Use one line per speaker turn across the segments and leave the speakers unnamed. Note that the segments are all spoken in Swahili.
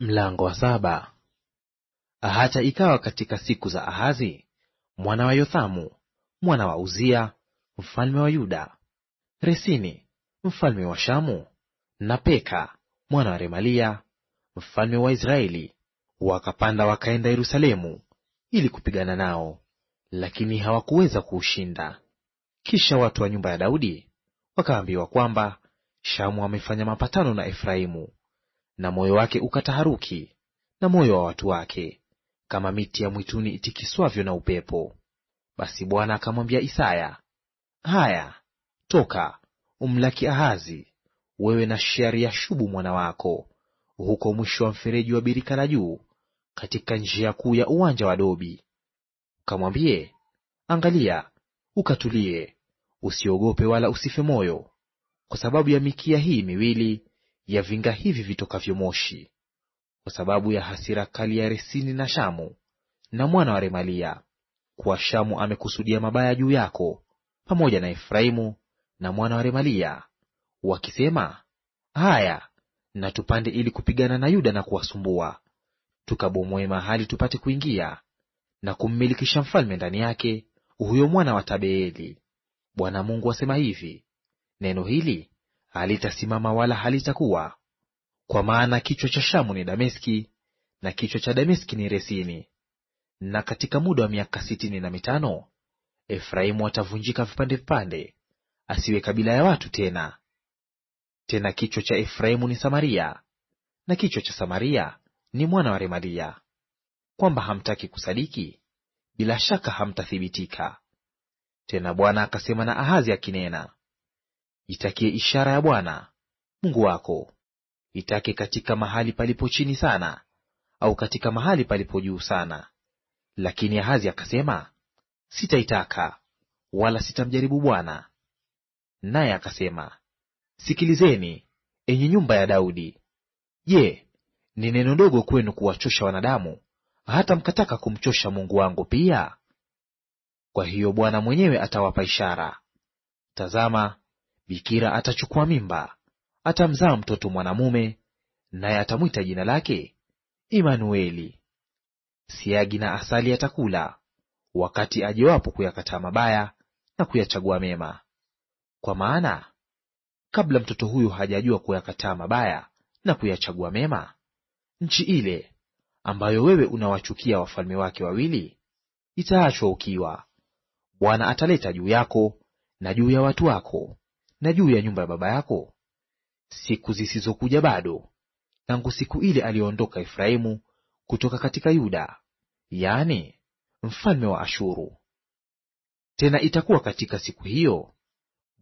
Mlango wa saba. Hata ikawa katika siku za Ahazi mwana wa Yothamu mwana wa Uzia mfalme wa Yuda, Resini mfalme wa Shamu na Peka mwana wa Remalia mfalme wa Israeli wakapanda wakaenda Yerusalemu ili kupigana nao, lakini hawakuweza kuushinda. Kisha watu wa nyumba ya Daudi wakaambiwa kwamba Shamu amefanya mapatano na Efraimu na moyo wake ukataharuki, na moyo wa watu wake, kama miti ya mwituni itikiswavyo na upepo. Basi Bwana akamwambia Isaya, haya, toka umlaki Ahazi, wewe na Shariashubu mwana wako, huko mwisho wa mfereji wa birika la juu, katika njia kuu ya uwanja wa dobi. Ukamwambie, angalia, ukatulie, usiogope wala usife moyo, kwa sababu ya mikia hii miwili ya vinga hivi vitokavyo moshi, kwa sababu ya hasira kali ya Resini na Shamu na mwana wa Remalia, kuwa Shamu amekusudia mabaya juu yako pamoja na Efraimu na mwana wa Remalia, wakisema, haya na tupande ili kupigana na Yuda na kuwasumbua, tukabomoe mahali tupate kuingia na kummilikisha mfalme ndani yake, huyo mwana wa Tabeeli. Bwana Mungu asema hivi, neno hili halitasimama wala halitakuwa. Kwa maana kichwa cha Shamu ni Dameski, na kichwa cha Dameski ni Resini. Na katika muda wa miaka sitini na mitano Efraimu atavunjika vipande vipande, asiwe kabila ya watu tena. Tena kichwa cha Efraimu ni Samaria, na kichwa cha Samaria ni mwana wa Remalia. Kwamba hamtaki kusadiki, bila shaka hamtathibitika. Tena Bwana akasema na Ahazi akinena, Itakie ishara ya Bwana Mungu wako, itake katika mahali palipo chini sana, au katika mahali palipo juu sana. Lakini Ahazi akasema, sitaitaka wala sitamjaribu Bwana. Naye akasema, sikilizeni, enyi nyumba ya Daudi, je, ni neno dogo kwenu kuwachosha wanadamu, hata mkataka kumchosha Mungu wangu pia? Kwa hiyo Bwana mwenyewe atawapa ishara; tazama, bikira atachukua mimba, atamzaa mtoto mwanamume, naye atamwita jina lake Imanueli. Siagi na asali atakula wakati ajewapo kuyakataa mabaya na kuyachagua mema, kwa maana kabla mtoto huyo hajajua kuyakataa mabaya na kuyachagua mema, nchi ile ambayo wewe unawachukia wafalme wake wawili itaachwa ukiwa. Bwana ataleta juu yako na juu ya watu wako na juu ya nyumba ya baba yako siku zisizokuja bado, tangu siku ile aliyoondoka Efraimu kutoka katika Yuda, yaani mfalme wa Ashuru. Tena itakuwa katika siku hiyo,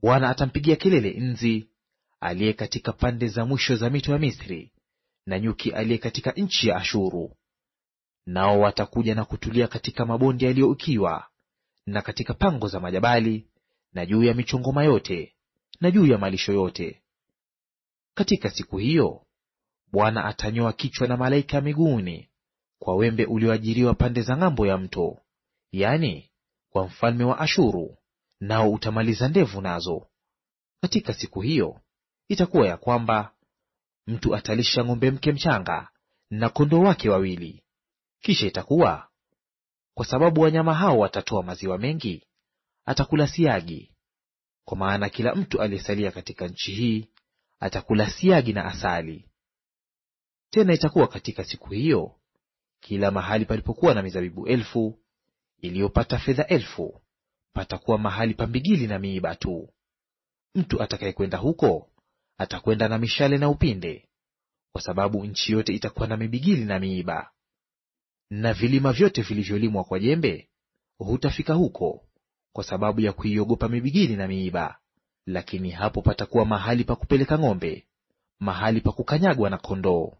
Bwana atampigia kelele nzi aliye katika pande za mwisho za mito ya Misri, na nyuki aliye katika nchi ya Ashuru. Nao watakuja na kutulia katika mabonde yaliyoukiwa, na katika pango za majabali, na juu ya michongoma yote, na juu ya malisho yote. Katika siku hiyo Bwana atanyoa kichwa na malaika miguuni kwa wembe ulioajiriwa pande za ng'ambo ya mto, yaani kwa mfalme wa Ashuru, nao utamaliza ndevu nazo. Katika siku hiyo itakuwa ya kwamba mtu atalisha ng'ombe mke mchanga na kondoo wake wawili. Kisha itakuwa kwa sababu wanyama hao watatoa maziwa mengi, atakula siagi, kwa maana kila mtu aliyesalia katika nchi hii atakula siagi na asali. Tena itakuwa katika siku hiyo, kila mahali palipokuwa na mizabibu elfu iliyopata fedha elfu patakuwa mahali pa mbigili na miiba tu. Mtu atakayekwenda huko atakwenda na mishale na upinde, kwa sababu nchi yote itakuwa na mibigili na miiba. Na vilima vyote vilivyolimwa kwa jembe hutafika huko, kwa sababu ya kuiogopa mibigili na miiba. Lakini hapo patakuwa mahali pa kupeleka ng'ombe, mahali pa kukanyagwa na kondoo.